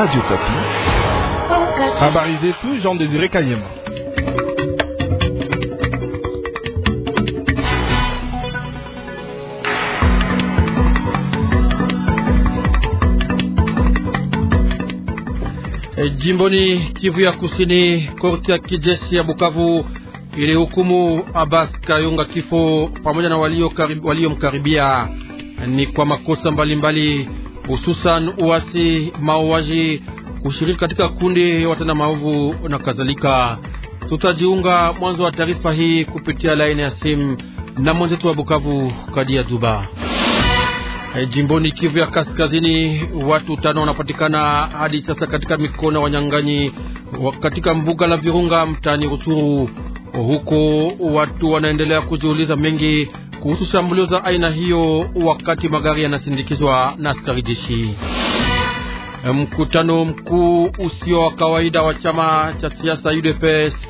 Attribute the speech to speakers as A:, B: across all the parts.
A: Radio Kapi. Habari zetu Jean Désiré Kanyema.
B: Eh, Jimboni Kivu ya Kusini, korti ya kijeshi ya Bukavu ilihukumu Abbas Kayonga kifo pamoja na waliomkaribia walio ni kwa makosa mbalimbali mbali hususan uasi, mauaji, kushiriki katika kundi watenda maovu na kadhalika. Tutajiunga mwanzo wa taarifa hii kupitia laini ya simu na mwenzetu wa Bukavu Kadia E, Jimboni Kivu ya Kaskazini, watu tano wanapatikana hadi sasa katika mikono wanyang'anyi katika mbuga la Virunga mtaani Ruchuru. Huko watu wanaendelea kujiuliza mengi kuhusu shambulio za aina hiyo, wakati magari yanasindikizwa na askari jeshi. Mkutano mkuu usio wa kawaida wa chama cha siasa UDPS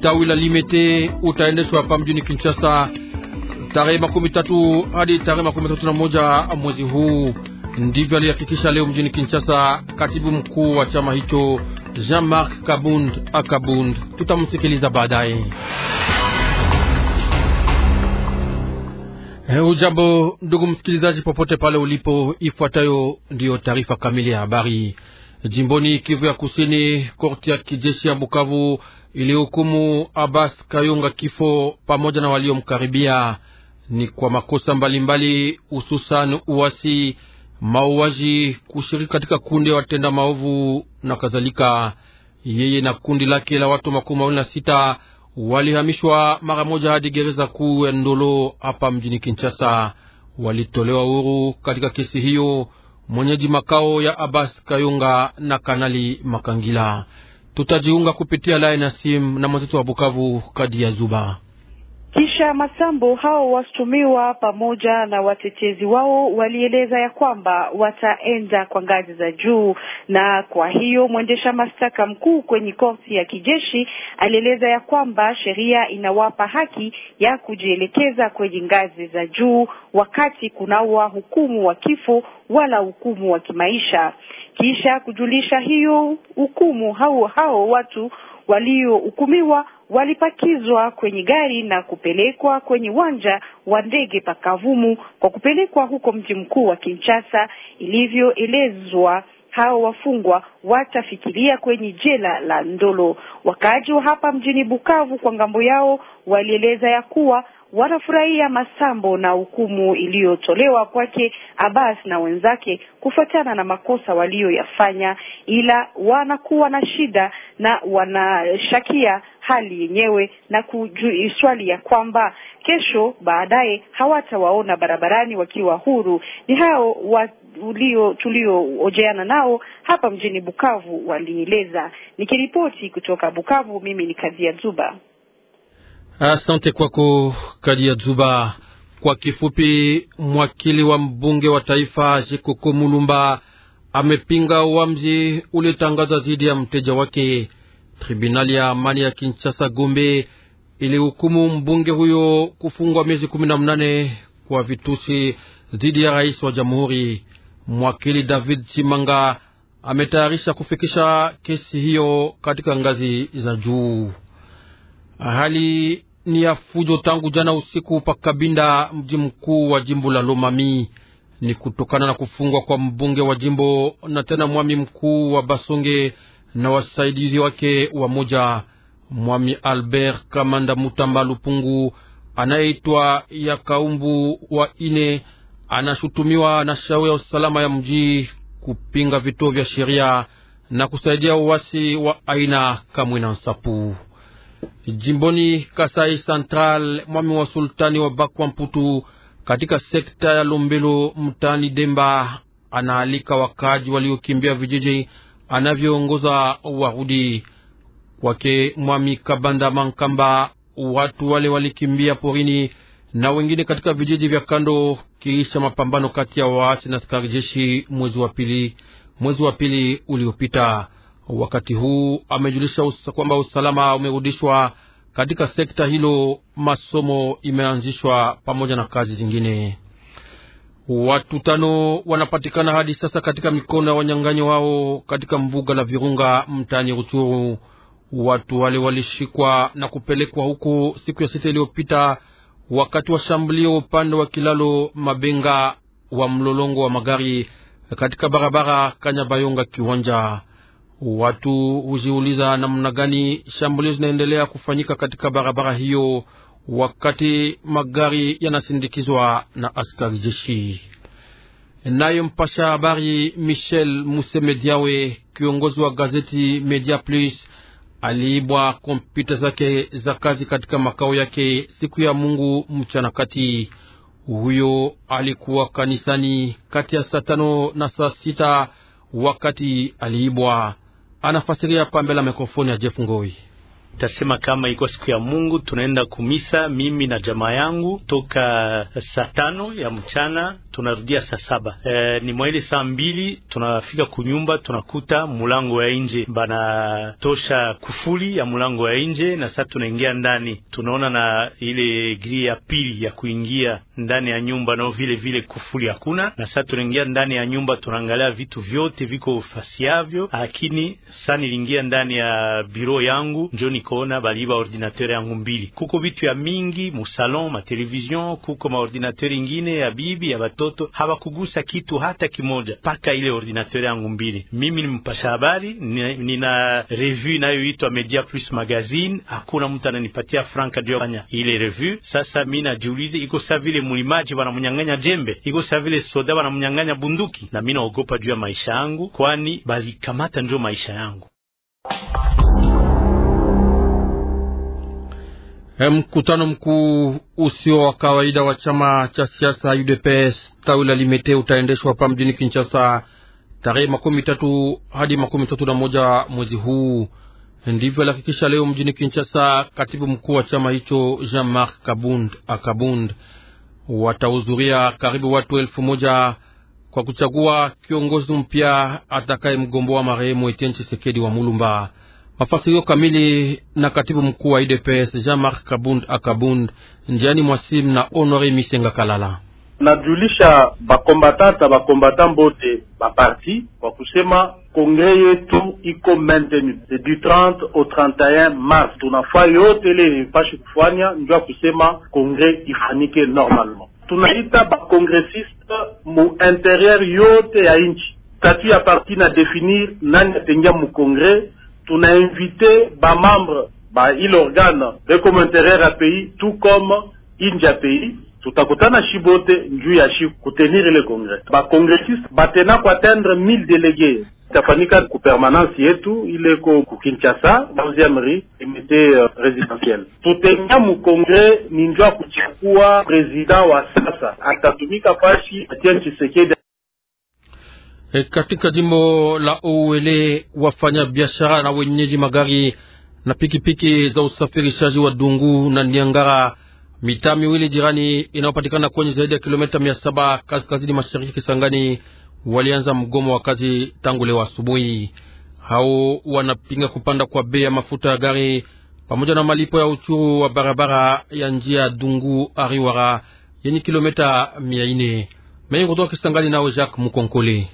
B: tawi la Limete utaendeshwa hapa mjini Kinshasa tarehe makumi tatu hadi tarehe makumi tatu na moja mwezi huu. Ndivyo alihakikisha leo mjini Kinshasa katibu mkuu wa chama hicho Jean-Marc Kabund Akabund. Tutamsikiliza baadaye. Eh, ujambo ndugu msikilizaji, popote pale ulipo, ifuatayo ndiyo taarifa kamili ya habari. Jimboni Kivu ya Kusini, korti ya kijeshi ya Bukavu ilihukumu Abbas Kayunga kifo pamoja na waliomkaribia ni kwa makosa mbalimbali, hususan uasi, mauaji, kushiriki katika kundi ya watenda maovu na kadhalika. Yeye na kundi lake la watu makumi mawili na sita walihamishwa mara moja hadi gereza kuu ya Ndolo hapa mjini Kinshasa. Walitolewa huru katika kesi hiyo mwenyeji makao ya Abbas Kayunga na Kanali Makangila. Tutajiunga kupitia laini ya simu na mwenzetu wa Bukavu Kadi ya Zuba.
C: Kisha Masambo hao washutumiwa pamoja na watetezi wao walieleza ya kwamba wataenda kwa ngazi za juu, na kwa hiyo mwendesha mashtaka mkuu kwenye korti ya kijeshi alieleza ya kwamba sheria inawapa haki ya kujielekeza kwenye ngazi za juu wakati kunawa hukumu wa kifo wala hukumu wa kimaisha. Kisha kujulisha hiyo hukumu, hao hao watu waliohukumiwa walipakizwa kwenye gari na kupelekwa kwenye uwanja wa ndege Pakavumu kwa kupelekwa huko mji mkuu wa Kinshasa. Ilivyoelezwa, hao wafungwa watafikiria kwenye jela la Ndolo. Wakaaji wa hapa mjini Bukavu kwa ngambo yao walieleza ya kuwa wanafurahia masambo na hukumu iliyotolewa kwake Abbas na wenzake kufuatana na makosa waliyoyafanya, ila wanakuwa na shida na wanashakia hali yenyewe na swali ya kwamba kesho baadaye hawatawaona barabarani wakiwa huru. Ni hao walio tulioojeana nao hapa mjini Bukavu walieleza. Nikiripoti kutoka Bukavu, mimi ni Kadia Zuba.
B: Asante kwako Kadia Zuba. Kwa kifupi, mwakili wa mbunge wa taifa jikoko Mulumba amepinga uamuzi uliotangaza dhidi ya mteja wake. Tribunali ya amani ya Kinshasa Gombe ilihukumu mbunge huyo kufungwa miezi kumi na mnane kwa vitusi dhidi ya rais wa jamhuri. Mwakili David Chimanga ametayarisha kufikisha kesi hiyo katika ngazi za juu. Hali ni ya fujo tangu jana usiku pa Kabinda, mji mkuu wa jimbo la Lomami. Ni kutokana na kufungwa kwa mbunge wa jimbo na tena mwami mkuu wa Basonge na wasaidizi wake wa moja Mwami Albert Kamanda Mutamba Lupungu anayeitwa kaumbu wa ine anashutumiwa na shauri ya usalama ya mji kupinga vituo vya sheria na kusaidia uwasi wa aina kamwe na Nsapu jimboni Kasai Central. Mwami wa sultani wa Bakwa Mputu katika sekta ya Lombelo mtaani Demba anaalika wakaji waliokimbia vijiji anavyoongoza warudi kwake. Mwami Kabanda Mankamba, watu wale walikimbia porini na wengine katika vijiji vya kando, kiisha mapambano kati ya waasi na askari jeshi mwezi wa pili mwezi wa pili uliopita. Wakati huu amejulisha usa kwamba usalama umerudishwa katika sekta hilo, masomo imeanzishwa pamoja na kazi zingine. Watu tano wanapatikana hadi sasa katika mikono ya wanyang'anyo wao katika mbuga la Virunga mtaani Ruchuru. Watu wale walishikwa na kupelekwa huku siku ya sita iliyopita wakati wa shambulio upande wa kilalo Mabenga wa mlolongo wa magari katika barabara Kanyabayonga Kiwanja. Watu hujiuliza namna gani shambulio zinaendelea kufanyika katika barabara hiyo wakati magari yanasindikizwa na askari jeshi. Naye mpasha habari Michel Musemediawe, kiongozi wa gazeti Media Plus, aliibwa kompyuta zake za kazi katika makao yake siku ya Mungu mchana kati. Huyo alikuwa kanisani kati ya saa tano na saa sita
D: wakati aliibwa. Anafasiria pambela mikrofoni ya Jeff Ngoi tasema kama ilikuwa siku ya Mungu, tunaenda kumisa mimi na jamaa yangu toka saa tano ya mchana tunarudia saa saba e, ni mwaili saa mbili tunafika kunyumba, tunakuta mulango ya nje banatosha kufuli ya mulango ya nje, na sasa tunaingia ndani, tunaona na ile gri ya pili ya kuingia ndani ya nyumba nao vile vile kufuli hakuna, na sasa tunaingia ndani ya nyumba, tunaangalia vitu vyote viko fasi yavyo lakini sasa niliingia ndani ya biro yangu njo nikoona baliiba ordinateur yangu mbili, kuko vitu ya mingi musalon, matelevizion, kuko maordinateur ingine ya bibi ya bato watoto hawakugusa kitu hata kimoja mpaka ile ordinateur yangu mbili. Mimi ni mpasha habari, nina revue inayoitwa Media Plus Magazine. Hakuna mtu ananipatia franka ndio fanya ile revue. Sasa mimi najiulize, iko sawa vile mlimaji wanamnyang'anya jembe, iko sawa vile soda wanamnyang'anya bunduki, na mimi naogopa juu ya maisha yangu, kwani balikamata ndio maisha yangu.
B: Mkutano mkuu usio wa kawaida wa chama cha siasa UDPS tawi la Limete utaendeshwa hapa mjini Kinshasa tarehe makumi tatu hadi makumi tatu na moja mwezi huu. Ndivyo alihakikisha leo mjini Kinshasa katibu mkuu wa chama hicho Jean Marc Kabund Akabund. Watahudhuria karibu watu elfu moja kwa kuchagua kiongozi mpya atakayemgomboa marehemu Etienne Tshisekedi wa Mulumba. Mafasirio kamili na katibu mkuu wa UDPS Jean-Marc Kabund Akabund njiani mwasimu na Honore Misenga Kalala najulisha bakombatanta bakombata bote baparti kwa kusema kongre yetu iko maintenu e du 30 au 31 mars. Tunafaa yote ile ipashe kufanya njo ya kusema kongre ifanike normalement. Tunaita bakongresiste mu interieur yote ya nchi. Statu ya parti na definir nani atengia mukongre invité ba membre ba il organe les commentaires à pays tout comme pays. inje na pays tutakutana shi bote njuu ya Le congrès, congressistes, kongres. Bakongresiste batena kuatendre 1000 délégués. ku itafanyika kupermanansi yetu ileko kukinshasa euh, résidentiel. imete uh, residentiel tutenya mukongre ni njwa kuchukua président wa sasa atatumika fashi Etienne de E, katika jimbo la Uwele wafanya biashara na wenyeji magari na pikipiki za usafirishaji wa Dungu na Niangara, mitaa miwili jirani inayopatikana kwenye zaidi ya kilomita mia saba kaskazini mashariki Kisangani, walianza mgomo wa kazi tangu leo asubuhi. Hao wanapinga kupanda kwa bei ya mafuta ya gari pamoja na malipo ya uchuru wa barabara ya njia Dungu Ariwara yenye kilomita mia nne. mengi kutoka Kisangani, Nao Jacques Mukonkole.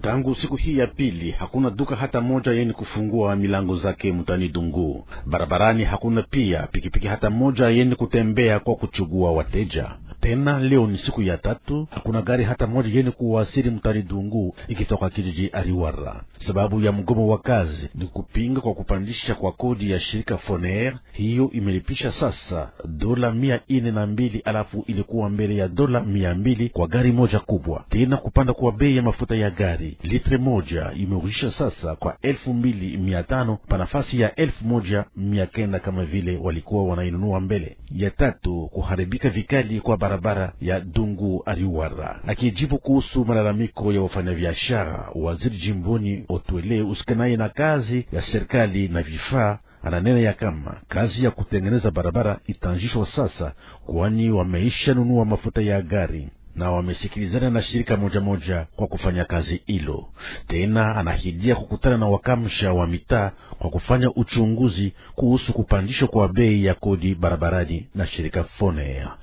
E: Tangu siku hii ya pili hakuna duka hata moja yeni kufungua milango zake mtani Dungu. Barabarani hakuna pia pikipiki piki hata moja yeni kutembea kwa kuchugua wateja. Tena leo ni siku ya tatu, hakuna gari hata moja yeni kuwasili mtani Dungu ikitoka kijiji Ariwara. Sababu ya mgomo wa kazi ni kupinga kwa kupandisha kwa kodi ya shirika Foner. Hiyo imelipisha sasa dola mia ine na mbili alafu ilikuwa mbele ya dola mia mbili kwa gari moja kubwa. Tena kupanda kwa bei ya mafuta ya gari hifadhi. Litre moja imeurusha sasa kwa elfu mbili mia tano pa nafasi ya elfu moja mia kenda kama vile walikuwa wanainunua mbele. Ya tatu kuharibika vikali kwa barabara ya Dungu Ariwara. Akijibu kuhusu malalamiko ya wafanyabiashara, waziri jimboni Otwele usikanaye na kazi ya serikali na vifaa ananena ya kama kazi ya kutengeneza barabara itaanzishwa sasa, kwani wameisha nunua mafuta ya gari na wamesikilizana na shirika moja moja kwa kufanya kazi hilo. Tena anahidia kukutana na wakamsha wa mitaa kwa kufanya uchunguzi kuhusu kupandishwa kwa bei ya kodi barabarani na shirika Fonea.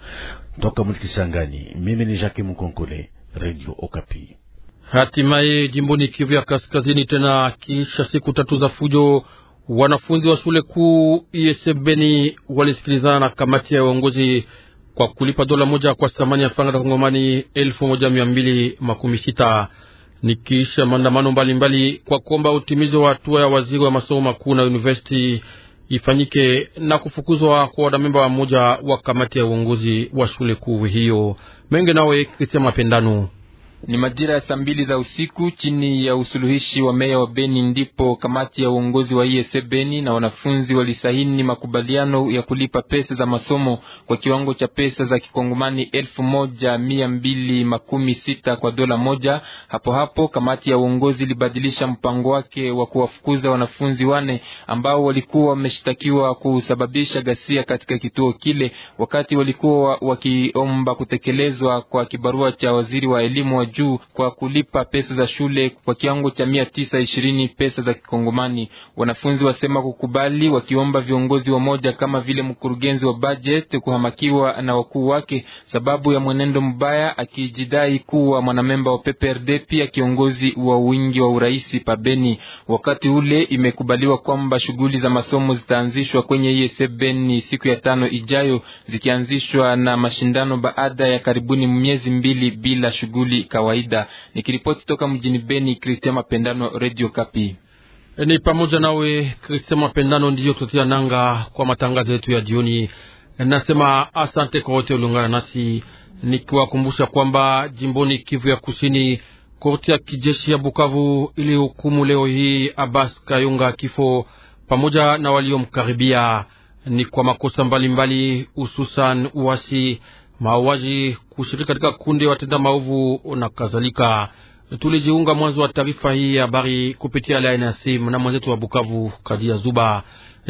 E: Toka Mlikisangani, mimi ni Jacques Mkonkole, Radio Okapi.
B: Hatimaye jimboni Kivu ya Kaskazini, tena kisha siku tatu za fujo, wanafunzi wa shule kuu esebeni walisikilizana na kamati ya uongozi kwa kulipa dola moja kwa thamani ya fanga za Kongomani elfu moja mia mbili makumi sita nikiisha maandamano mbalimbali kwa kuomba utimizi wa hatua ya waziri wa masomo makuu na university ifanyike na kufukuzwa kwa wanamemba wa moja wa kamati ya uongozi wa shule kuu hiyo. Menge nawe Kristian Mapendano.
A: Ni majira ya saa mbili za usiku chini ya usuluhishi wa meya wa Beni ndipo kamati ya uongozi wa IEC Beni na wanafunzi walisaini makubaliano ya kulipa pesa za masomo kwa kiwango cha pesa za kikongomani elfu moja mia mbili makumi sita kwa dola moja. Hapo hapo kamati ya uongozi ilibadilisha mpango wake wa kuwafukuza wanafunzi wane ambao walikuwa wameshtakiwa kusababisha ghasia katika kituo kile wakati walikuwa wakiomba kutekelezwa kwa kibarua cha waziri wa elimu wa juu kwa kulipa pesa za shule kwa kiwango cha mia tisa ishirini pesa za Kikongomani. Wanafunzi wasema kukubali, wakiomba viongozi wamoja kama vile mkurugenzi wa bajeti kuhamakiwa na wakuu wake sababu ya mwenendo mbaya, akijidai kuwa mwanamemba wa PPRD pia kiongozi wa wingi wa uraisi pabeni. Wakati ule imekubaliwa kwamba shughuli za masomo zitaanzishwa kwenye Yesebeni siku ya tano ijayo, zikianzishwa na mashindano baada ya karibuni miezi mbili bila shughuli kawa kawaida. Nikiripoti toka mjini Beni, Kristian Mapendano, Radio Kapi. Eh, ni pamoja nawe Kristian Mapendano. Ndiyo tutia nanga kwa
B: matangazo yetu ya jioni. Eh, nasema asante kwa wote uliungana nasi, nikiwakumbusha kwamba jimboni Kivu ya Kusini, korti ya kijeshi ya Bukavu ilihukumu leo hii Abbas Kayunga kifo pamoja na waliomkaribia, ni kwa makosa mbalimbali, hususan uasi mauaji, kushiriki katika kundi watenda maovu na kadhalika. Tulijiunga mwanzo wa taarifa hii ya habari kupitia laini ya simu na mwenzetu wa Bukavu, ya Zuba.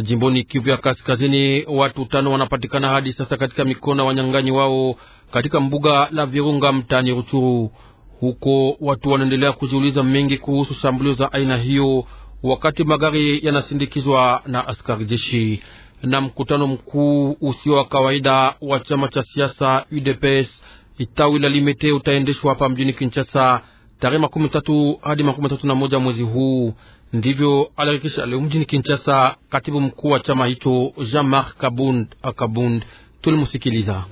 B: Jimboni Kivu ya Kaskazini, watu tano wanapatikana hadi sasa katika mikono ya wanyang'anyi wao katika mbuga la Virunga mtaani Ruchuru. Huko watu wanaendelea kujiuliza mengi kuhusu shambulio za aina hiyo, wakati magari yanasindikizwa na askari jeshi na mkutano mkuu usio wa kawaida wa chama cha siasa UDPS itawi la Limete utaendeshwa hapa mjini Kinshasa tarehe makumi tatu hadi makumi tatu na moja mwezi huu. Ndivyo alihakikisha leo mjini Kinshasa katibu mkuu wa chama hicho Jean Marc Kabund. Tulimusikiliza.